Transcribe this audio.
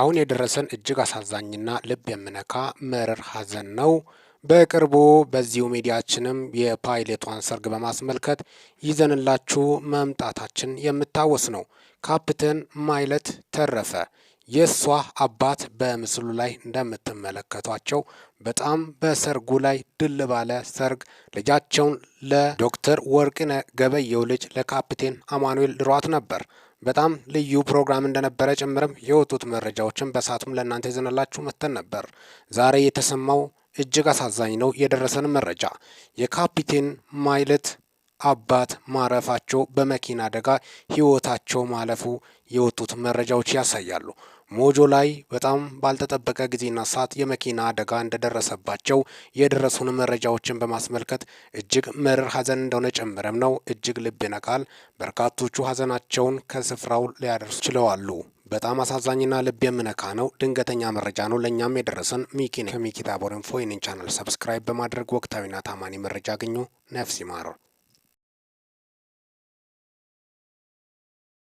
አሁን የደረሰን እጅግ አሳዛኝና ልብ የምነካ መረር ሀዘን ነው። በቅርቡ በዚሁ ሚዲያችንም የፓይሌቷን ሰርግ በማስመልከት ይዘንላችሁ መምጣታችን የምታወስ ነው። ካፕቴን ማይለት ተረፈ የእሷ አባት በምስሉ ላይ እንደምትመለከቷቸው በጣም በሰርጉ ላይ ድል ባለ ሰርግ ልጃቸውን ለዶክተር ወርቅነ ገበየው ልጅ ለካፕቴን አማኑኤል ድሯት ነበር። በጣም ልዩ ፕሮግራም እንደነበረ ጭምርም የወጡት መረጃዎችን በሰዓቱም ለእናንተ ይዘንላችሁ መጥተን ነበር። ዛሬ የተሰማው እጅግ አሳዛኝ ነው። የደረሰን መረጃ የካፒቴን ማይለት አባት ማረፋቸው በመኪና አደጋ ህይወታቸው ማለፉ የወጡት መረጃዎች ያሳያሉ። ሞጆ ላይ በጣም ባልተጠበቀ ጊዜና ሰዓት የመኪና አደጋ እንደደረሰባቸው የደረሱን መረጃዎችን በማስመልከት እጅግ መርር ሀዘን እንደሆነ ጨምረም ነው። እጅግ ልብ ይነካል። በርካቶቹ ሀዘናቸውን ከስፍራው ሊያደርሱ ችለዋሉ። በጣም አሳዛኝና ልብ የምነካ ነው። ድንገተኛ መረጃ ነው ለእኛም የደረሰን። ሚኪ ከሚኪ ታቦር ይህንን ቻናል ሰብስክራይብ በማድረግ ወቅታዊና ታማኒ መረጃ አግኙ። ነፍስ ይማረው።